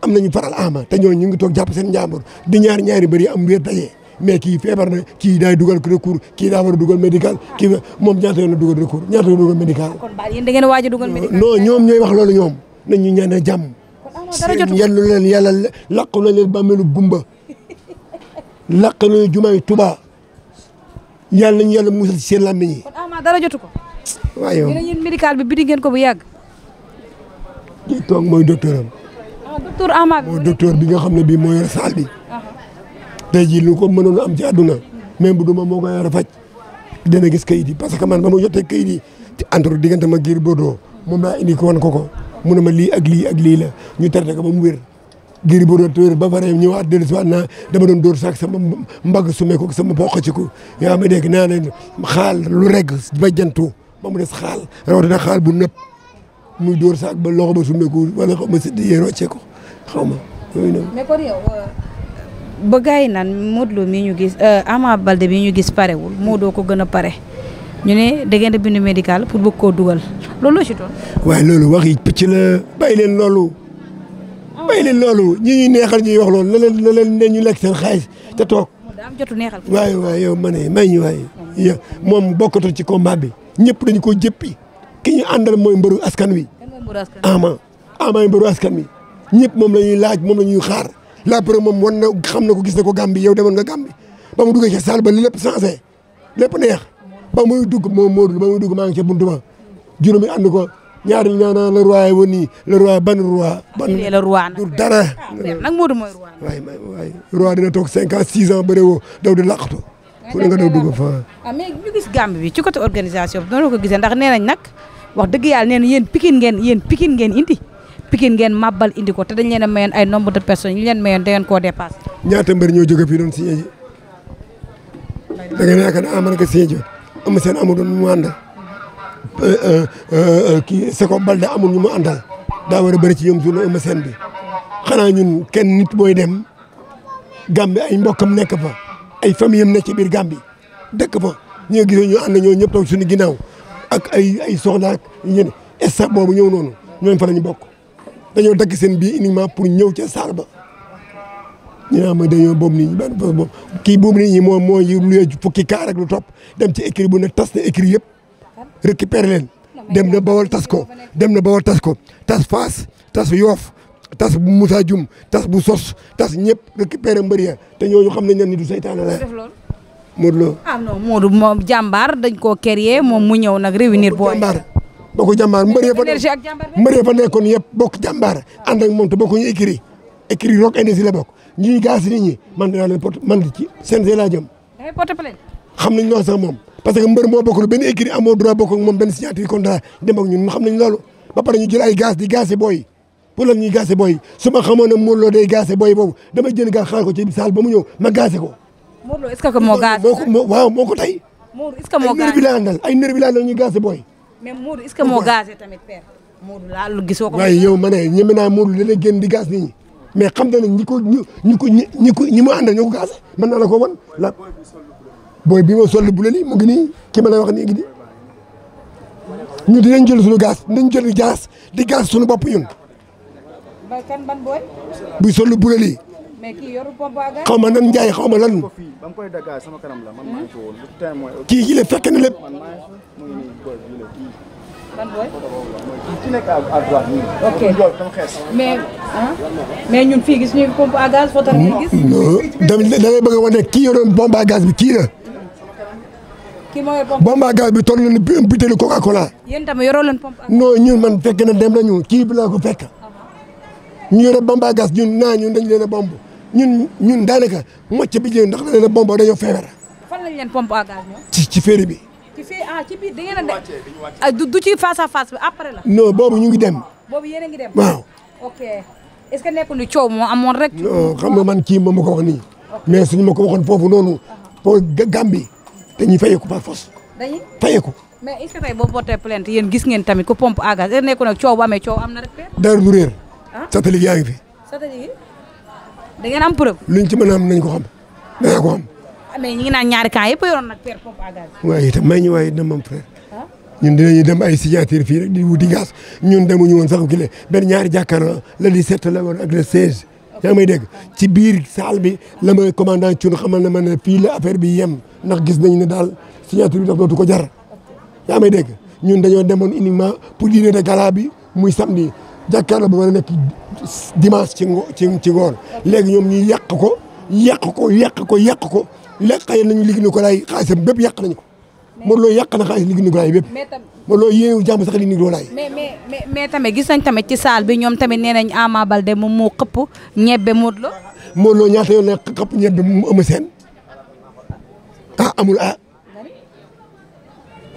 am nañu faral Ama te ñooñu ñu ngi toog jàpp seen njàmbur di ñaar ñaari bëri am wér daje mais kii feebar na kii daay dugal recours kii daa war a dugal médical kii moom ñaata yoon la dugal recours ñaata yoon dugal médical. kon baal yéen da ngeen a waaj a dugal médical. non ñoom ñooy wax loolu ñoom nañ ñu ñaan a jàmm. kon yàlla leen yàlla làq nañ leen bàmmeelu gumba làq nañu jumaay Tuubaa yàlla nañu yàlla musal ci seen làmmiñ yi. kon Ama dara jotu ko. waaye yow yéen médical bi bidi ngeen ko bu yàgg. mooy docteur am. ah docteur Ama bi mooy docteur bi nga xam ne bii moo yor saal bi. Ah. tey jii lu ko mënoon am ji àdduna. même bu duma moo koy yore faj. dana gis kayit yi parce que man ba ma jotee kayit yi ci entre ma ma Gris Bordeaux moom laa indi ko wan ko ko mu ne ma lii ak lii ak lii la ñu traité ko ba mu wér. Gris Bordeaux tër ba pare ñëwaat dellusiwaat naa dama doon dóor sax sama mbagg su ma ko sama poq ci ko yaa ma dégg naa ne xaal lu reg ba jantu. ba mu des xaal rawatina xaal bu nëpp mu dóor saak ba loxo ba summeeku wala xaw ma si di yéeroo cee ko xaw ma yooyu euh, yi naan Modou Lo mii ñu gis euh, Ama Balde bi ñu gis parewul moo doo ko gën a pare ñu ne da ngeen di bindu médical pour bëgg koo dugal loolu la ci doon. waaye loolu wax yi picc la bàyyi leen loolu. bàyyi leen loolu ñi neexal ñu wax loolu la leen la leen ñu lekk seen xaalis te toog. waaye waaye yow ma ne may ñu waaye. moom bokkatul ci combat bi. ñëpp dañu ko jëppi ki ñu àndal mooy mbëru askan wi. ama ama mbëru askan wi ñëpp moom la ñuy laaj moom la ñuy xaar la preuve moom wan na xam na ko gis na ko Gàmbi yow demoon nga Gàmbi ba mu duggee ca salle ba lépp changé lépp neex ba muy dugg moom Modou ba muy dugg maa ngi ca buntu ma ko ñaari ñaan la roi woon nii le roi ban roi. ban dara. Ah, nag Modou mooy roi. waay dina toog cinq ans six ans bëree woo daw di laqatu. fu ne nga doon dugg fa. ah mais ñu gis gàmb bi ci côté organisation bi noonu la ko gisee ndax nee nañ nag wax dëgg yàlla nee na yéen pikin ngeen yéen pikin ngeen indi pikin ngeen màbbal indi ko te dañ leen a ay nombre de personnes ñu leen mayoon da ngeen koo ñaata mbër ñoo jóge fii doon signé ji da ngeen yaakaar ah man nga signé ji seen amul doon mu ànd euh, euh, euh, kii Seko Balde amul ñu mu àndal daa war a bëri ci ñoom suñu am seen bi xanaa ñun kenn nit booy dem gàmb ay mbokkam nekk fa. ay famille am ne ci biir Gambie dëkk fa ñi nga gisee ñu ànd ñoo ñëpp toog suñu ginnaaw ak ay ay soxna ak ñeneen instant ñëw noonu ñoo fa la ñu bokk dañoo dagg seen bii uniquement pour ñëw ci saal ba ñu naan ah, mooy dañoo boobu nit ñi benn boobu kii boobu nit ñi moo moo luyee fukki kaar ak lu topp dem ci écrit bu ne tas na écrit yëpp récupéré leen dem na bawol tas ko dem na bawal tas ko tas faas tas yoof tas bu Moussa Dioum tas bu sos tas ñëpp récupéré mbër ya te ñooñu xam nañ ne du seytaane la. Modou Lo ah non Modou dañ koo créer moom mu ñëw nag réunir booy. bokk jàmbaar mbër ya fa mbër ya fa nekkoon yëpp bokk jàmbaar ànd ak moom te la bokk ñuy gaas nit xam nañ loolu sax que mbër moo bokkul benn écrit amoo droit bokk ak ba pare ñu jël ay gaz di gaase booy pour lan ñuy gaase booy su ma xamoon ne Modou Lo day gaase booy boobu damay jënd gaas xaar ko ci saal ba mu ñëw ma gaase ko. Modou Lo est-ce que moo gaase. moo waaw moo ko tey. Modou est-ce moo gaase ay nerf bi laa àndal ay nerf bi laa àndal ñuy gaase booy. mais Modou est-ce que moo gaase tamit père. Modou laa lu gisoo ko. waaye yow ma ne ñeme naa Modou dana génn di gaas nit ñi mais xam na ñi ko ñi ñi ko ñi ko ñi mu àndal ñoo ko gaase mën naa la ko wan la booy bi ma sol bu lëli mu ngi nii ki ma lay wax nii ngi nii ñu dinañ jël suñu gaas dinañ jël gaas di gaas sunu bopp ñun kan ban booy. buy solu bureel yi. mais kii yoru xaw ma nan Ndiaye xaw ma lan. kii yi la fekk na lépp. ban booy. ok mais. mais ñun fii gis ñu pompe à gaz foto ngay gis. non da ngay a wane kii yoroon pompe à gaz bi kii la. kii mooy pompe bombe à gaz bi toll nañu Coca Cola. yéen leen pompe ñun man fekk na dem nañu kii bi laa ko fekk. ñu yore bomba gaz ñun naa ñun dañ leen a bomb ñun ñun daanaka mocc bi jël ndax da leen a bomb dañoo feebar. fan lañ leen pompe à ci ci bi. ci fee ah ci biir da a ah, du ci face à bi après la. boobu ñu ngi dem. boobu yéen a ngi dem. waaw. ok est ce coow moo amoon rek. non xam nga man kii moom ma ko wax nii. mais suñu ma ko waxoon foofu noonu. pour Gambie dañuy fayeeku par force. dañuy fayeeku. mais gis ngeen tamit ku pompe à gaz est ce na rek. dara du Ah? satellite yaa ngi fi. satellite yi da ngeen ci mën a am nañ ko xam danaa ko xam. Ah, ñaari cas yëpp yoroon nag père pompe à gaz. waaye itam waaye itam moom frère. Ah? ñun dinañu dem ay signature fii di wuti gaz ñun demuñu woon sax kile benn ñaari jàkkaarloo la di sept la woon ak seize. yaa ngi may dégg ci biir saal bi la may commandant Thioune xamal na ma ne fii la affaire bi yem ndax gis nañ ne daal signature bi daf dootu ko jar yaa ngi ñun dañoo demoon uniquement pour dîner de gala bi muy samedi jàkkaarloo ba mën a nekk dimanche ci ci ci ngoon léegi ñoom ñu yàq ko yàq ko yàq ko yàq ko léegi xëy nañu liggéey ko laay xaalisam bépp yàq nañu ko Modou Lo yàq na xaalis liggéey ko laay bépp Modou Lo yéenewu jàmm sax liggéey ko laay mais mais mais tamit gis nañ tamit ci saal bi ñoom tamit nee nañ Ama Baldé moom moo xëpp ñebbe Modou Lo Modou Lo ñaata yoon la xëpp ñebbe mu ëmb seen ah amul ah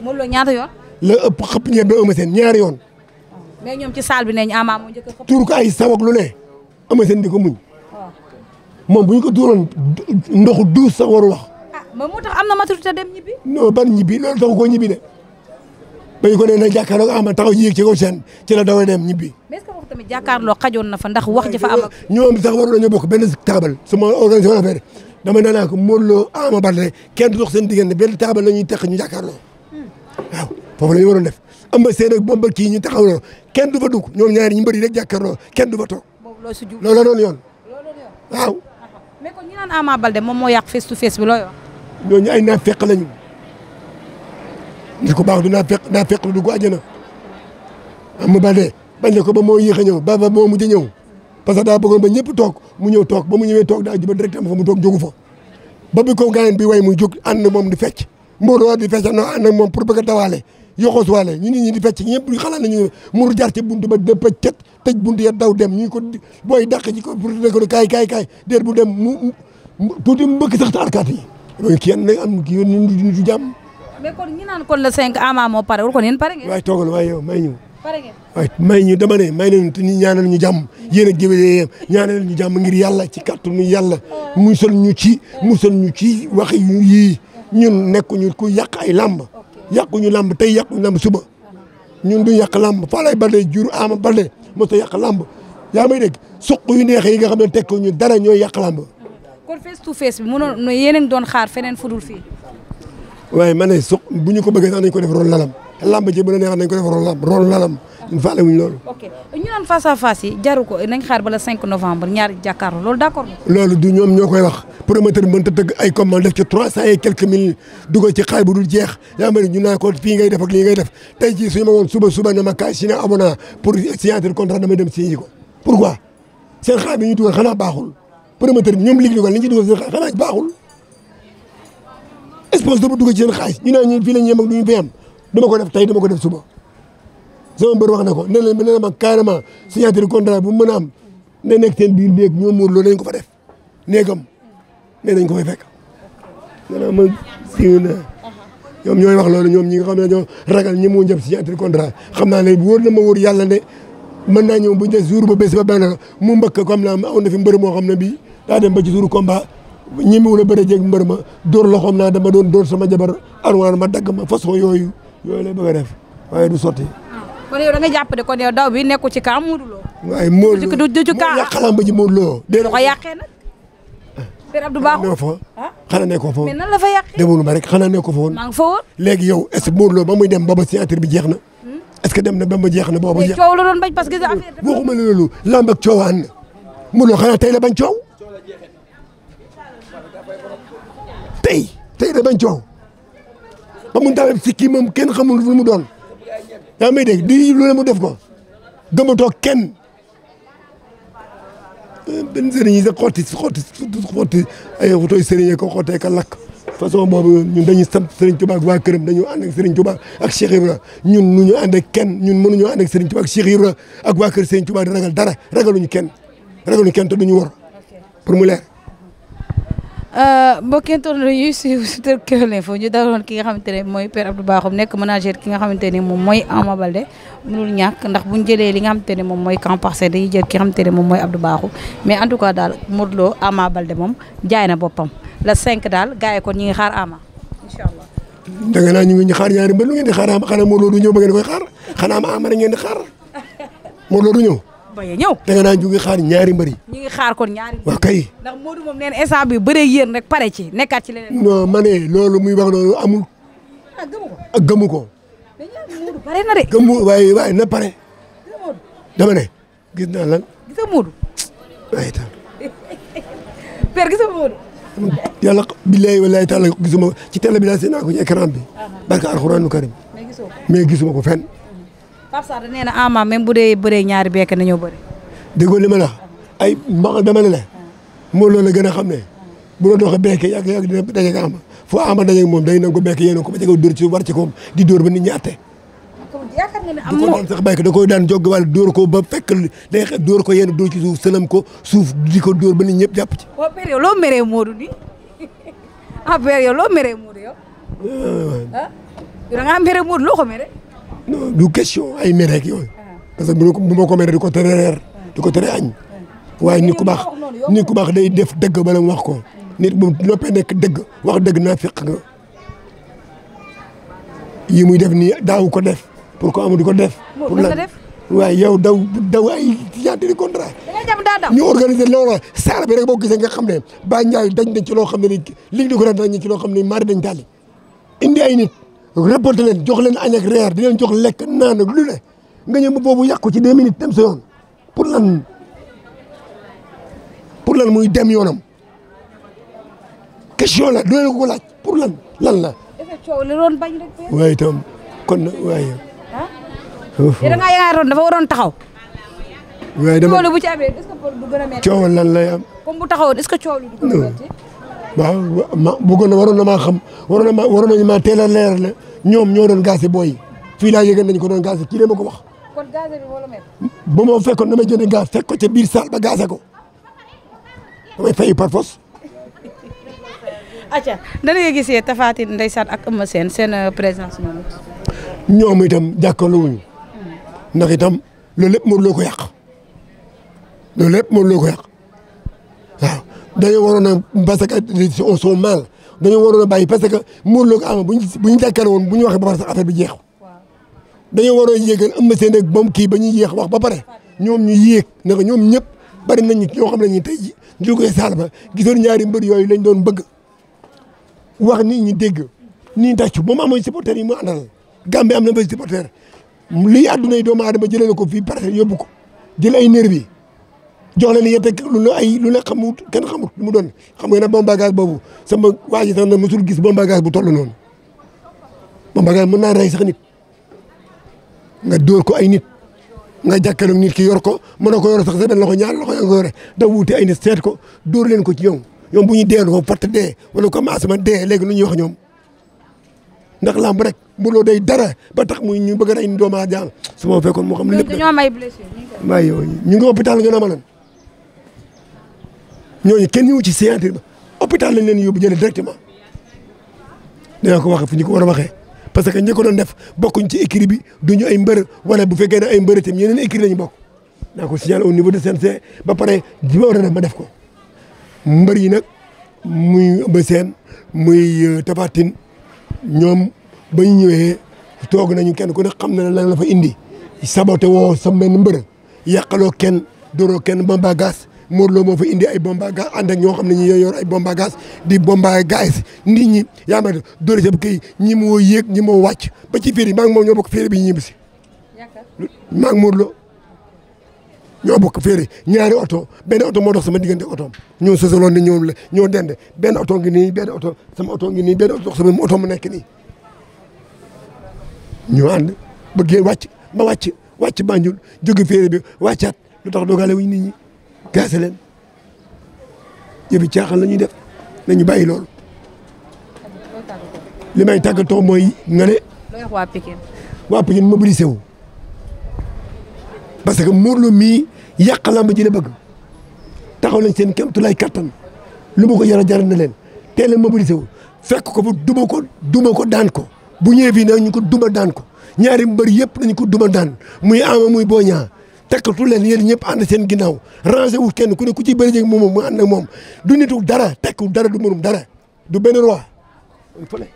Modou Lo ñaata yoon la ëpp xëpp ñebbe ëmb seen ñaari yoon mais ñoom ci saal bi nee ñu Ama moo njëkk ay sawak lu ne ama seen di ko muñ. Oh. moom bu ñu ko tuuroon ndoxu duus sax waru wax. ah moom am na maturité dem ñibbi. non ban ñibbi loolu taxu koo ñibbi de ba ñu ko nee na jàkkaarloo ama taxaw yéeg ci kaw seen ci la daway dem ñibbi. mais est-ce xajoon na fa ndax wax jafa fa ak. Eh, ñoom sax waru nañoo bokk benn taabal su ma organisé woon dama nee naa ko Modou Lo Ama Baldé kenn du dox seen diggante benn taabal la ñuy ñu jàkkaarloo hmm. waaw foofu la def am na seen ak bomba kii ñu taxawloo kenn du fa dugg ñoom ñaari ñu mbëri rek jàkkaarloo kenn du fa toog. loolu la doon yoon. waaw. Ama Balde moom moo yàq face to face bi looy wax. ñooñu naa naafeq la nit ku baax du naafeq naafeq lu dugg àjjana. Ama Balde bañ na ko ba moo yéex ñëw ba ba moo mujj a ñëw parce que daa bëggoon ba ñëpp toog mu ñëw toog ba mu ñëwee toog daa ji ba directement fa mu toog jógu fa. ba bi ko bi way muy jóg na moom di fecc mbooloo di fecc ànd na moom pour bëgg a dawaale yoxoos waale ñu nit ñi di fecc ñëpp ñu xalaat nañu mur jar ci buntu ba dëpp tët tëj buntu ya daw dem ñu ko booy dàq ci ko pour ne ko kaay bu dem mu tuuti mu bëgg sax taarkaat yi. loolu kenn nag am kii yoon nañu du jàmm. mais kon ñu naan kon le 5 Ama moo pare wala kon yéen pare ngeen. waaye toogal may ñu. pare ngeen waaye may ñu dama ne may nañu te ñu ñaanal ñu jàmm yéen ak jëwee ñaanal ñu jàmm ngir yàlla ci kàttanu yàlla musal ñu ci musal ñu ci wax yu yii ñun nekkuñu ku yàq ay làmb yàquñu làmb tey yàquñu làmb suba ñun du yàq làmb Falaye Baldé jur Ama Baldé mos a yàq làmb yaa may dégg suq yu neex yi nga xam ne tekk ñu dara ñooy yàq làmb. kon face to face bi mënoon yéen a ngi xaar feneen fudul fii. waaye ma ne suq bu ñu ko bëggee sax nañ ko def rôle lalam lamb ji mën a neexal nañ ko def rôle lalam ñu faale wuñ loolu. ok ñu naan face à face yi jaru ko nañ xaar novembre ñaari jàkkaarloo loolu d' accord. lool du ñoom ñoo koy a tëgg ay commandes def ci trois cent et quelques mille dugal ci xaar bu dul jeex yaa ma ne ñu naan ko fii ngay def ak def tey jii suñu ma suba suba ne ma kaay signé abonné pour signature contrat damay dem signé ko. pourquoi seen xaar bi ñu dugal xanaa baaxul promoteur bi ñoom liggéey ko li ñu ci dugal seen xaar xanaa baaxul sponsor bu dugal ci seen xaalis ñu naan ñun fii la ñu yem ak du ñu fi am dama ko def tey dama ko def suba sama mbër wax na ko nee na nee ma carrément signature contrat bu mën a am ne nekk seen biir néeg ñoo muur loolu nañ ko fa def néegam ne nañ ko fay fekk nee na ma siiw na ñoom ñooy wax loolu ñoom ñi nga xam ne ñoo ragal ñi mu njëb signature contrat xam naa ne wóor na ma wóor yàlla ne mën naa ñu bu ñu des jour ba bés ba benn mu mbëkk kam naa aw na fi mbër moo xam ne bii daa dem ba ci jour combat ñi mu la bëre jeeg mbër ma dóor loxoom naa dama doon dóor sama jabar armoire ma dagg ma façon yooyu yooyu lay bëgg a def waaye du sotti. Ah. kon yow da nga jàpp de kon yow daw bi nekku ci kaa Modou Lo. waaye Modou Lo du ci kaa yàqalam ba ji Modou Lo. déedéet ko yàqee nag. Père Abdou Bakhoum nekk fa. Ah. xanaa nekkoo fa woon mais nan la fa yàqee. demul ma rek xanaa nekkoo fa woon. maa ngi fa woon. léegi yow est-ce que Modou Lo ba muy dem ba ba signature bi jeex na. Hmm? est-ce que dem na ba ba jeex na. boobu jeex mais coow la doon bañ parce que affaire bi. waxuma la loolu lamb ak coowaan na Modou Lo xanaa tey la bañ coow. tey tey la bañ coow. ba mu tawee si kii moom kenn xamul lu mu doon yaa may dégg di lu ne mu def ko gëmatoo kenn benn sëriñ yi sax xotti xotti xotti ay xotooy sëriñ yi ko xottee ka lakk façon boobu ñun dañuy sant Serigne Touba waa këram dañu ànd ak Serigne Touba ak Cheikh Ibra ñun nu ñu ànd ak kenn ñun mënuñu ànd ak ak Cheikh Ibra ak waa kër Serigne Touba di ragal dara ragaluñu kenn ragaluñu kenn te duñu wor pour mu leer Euh, mbokki tournée yi suivre sur Kewel Info ñu daloon ki nga xamante ne mooy Père Abdou Bakhoum nekk manager ki nga xamante ne moom mooy Ama Baldé mënul ñàkk ndax buñ jëlee li nga xamante ne moom mooy camp parcelle dañuy ne moom mooy Abdou Bakhoum mais en tout cas daal Lo Ama Baldé moom jaay na boppam la 5 daal gars yi kon ñu ngi xaar Ama incha allah. da nga naa ñu ngi ñu lu di xaar Ama xanaa Modou Lo du ñëw ba ngeen koy xaar Ama ngeen di xaar Modou Lo bañ a ñëw da nga naan ñu ngi xaar ñaari ñu ngi xaar kon ñaari mbëri waaw kay ndax Modou moom nee na instant bi bëree yéen rek pare ci nekkaat ci leneen non ma ne loolu muy wax noonu amul ak ah, gëmu ko ah, na de gëmu waaye na pare dama gis naa lan gis (laughs) gis nga Modou yàlla billahi wallahi taala gisuma ci télé bi laa naa ko ci bi ah, barka alxuraanu karim mais gisuma ko fenn Pape Sarr nee na Ama même bu dee bëree ñaari bekk nañoo bëri. déggoo li ma la ay ma dama ne la moo loolu la gën a xam ne bu doon doxee bekk yàgg yàgg dina daje nga Ama foo Ama moom day nangu ko bekk yéen ko ba jege dóor di dóor ba nit ñi atte. yaakaar nga ne sax béykat da koy daan jog wàll dóor ko ba fekk day door ko yéen dóor ci suuf sëlam ko suuf di ko dóor ba nit ñëpp jàpp ci. waaw père yow loo meree Modou nii (laughs) ah père yow loo meree Modou non du question ay mere ak yooyu. Ah. parce que bu ma ko mere di ko tere reer di ko tere añ. Ah. waaye nit ku baax nit ku baax day def dëgg bala mu wax ko. Hmm. nit bu noppee nekk dëgg wax dëgg naa fekk nga yi muy def nii daaw ko def pour que amu di ko def. pour la waaye yow daw daw ay ñaata di contrat. ñu organiser loolu saal bi rek boo gisee nga xam ne ba ñaay dañ dañ ci loo xam ne nii liñ di ko daan dañ ci loo xam ne maari dañ tàlli indi ay nit. rëbbante leen jox leen añ ak reer di leen jox lekk naan ak lu ne nga ñëw ba boobu yàqu ci deux minutes dem sa yoon pour lan pour lan muy dem yoonam question la doo leen ko laaj pour lan lan la. dafa coow li waaye itam kon na waaye. ah. dafa waroon taxaw. waaye dama coow bu ci amee est-ce lan lay am. comme bu taxawoon est-ce que coow du gën a métti. waaw ma na waroon na maa xam waroon na ma maa teel a leer la ñoom ñoo doon gaase booy yi fii laa yëgal nañ ko doon gaase kii de ko wax. kon moo la mel. ma fekkoon damay jënd gaas fekk ko ca biir saal ba gaase ko damay fay par force. acca dana nga gisee Tapha Tine ndeysaan ak Eumeu Sène seen euh, présence moomu. ñoom itam jàkkaarloo wuñu ndax itam loolu lépp Modou Lô ko yàq loolu lépp Modou Lô ko yàq waaw dañoo waroon a on son mal dañoo waroon a bàyyi parce que Modou Lo ko bu ñu bu ñu jàkkaarloo woon bu ñu waxee ba pare sax affaire bi jeex dañoo waroon yéegal am na seen ak moom kii ba ñuy yéex wax ba pare ñoom ñu yéeg naka ñoom ñëpp bari nañu ñoo xam ne ñu tey ji ñu koy saal ba gisoon ñaari mbër yooyu lañu doon bëgg wax nit ñi dégg nii tàccu moom amoon supporter yi mu àndal Gambie am na ba supporter lii àdduna yi doomu aadama jëlee na ko fii pare yóbbu ko jël ay nerf jox leen yéen te lu ay lu la xamut kenn xamut lu mu doon xam nga ne bombe à gaz boobu sama waa ji sax na mosul gis bombe à gaz bu toll noonu bombe à gaz mën naa rey sax nit nga dóor ko ay nit nga jàkkaarloog nit ki yor ko mën na ko yor sax sa benn loxo ñaar loxo yaa ngi ko yore da wuute ay nit seet ko dóor leen ko ci ñoom ñoom bu ñu dee foofu porte dee wala commencement dee léegi lu ñuy wax ñoom ndax làmb rek mbooloo day dara ba tax muy ñu bëgg a rey doomu aadama su ma fekkoon moo xam lépp. ñoom dañoo am ay blessé. waaye yow ñu ngi hôpital nga ne ma lan ñooñu kenn ñëwu ci signature ba hôpital lañ leen yóbbu bu ne directement dañoo ko waxee fu ñu ko war a waxee parce que ñi ko doon def bokkuñ ci écrit bi duñu ay mbër wala bu fekkee ne ay mbër itam yeneen écrit bokk naa ko signalé au niveau de CNG ba pare ji ma ma def ko mbër yi nag muy Eumeu muy euh, Tapha ñoom ba ñu ñëwee toog nañu kenn ku ne xam na lan la fa indi saboté woo sa benn mbër yàqaloo kenn dóoroo kenn ba bagaas Modou Lo moo fa indi ay bomba gaz ànd ak ñoo xam ne ñi yor ay bomba gaz di bomba gaz nit ñi yaa ma dóor sa kii ñi moo yéeg ñi moo wàcc ba ci féeri maa ngi moom ñoo bokk féeri bi ñibbi si maa ngi Modou Lo ñoo bokk féeri ñaari oto benn oto moo dox sama diggante otoom ñoo sosaloon ne ñoo ñoo dend benn oto ngi nii benn oto sama oto ngi nii benn oto sama oto mu nekk nii ñu ànd bëggee wàcc ma wàcc wàcc Banjul jóge féeri bi wàccaat lu tax dogale wuñ nit ñi gaase leen yëbi caaxaan la ñuy def nañu bayi loolu. li may tàggatoo mooy nga ne. looy wax waa Pikine. waa mobilisé wu parce que Modou Lo mii yàq lamb ji la bëgg taxaw nañ seen kéem tolluwaay kattan lu ma ko yara jaral na leen teel a wu fekk ko bu duma ko duma ko daan ko bu ñëwee fii nañu ko duma daan ko ñaari mbër yëpp nañu ko duma daan muy ama muy booñaa takkatu leen yéen ñëpp ànd seen ginnaaw rangé wu kenn ku ne ku ci bëri jéeg moom mu ànd ak moom du nitu dara tekku dara du mënum dara du benn roi fële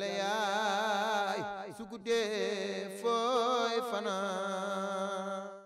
la yaay guddee fooy fanaan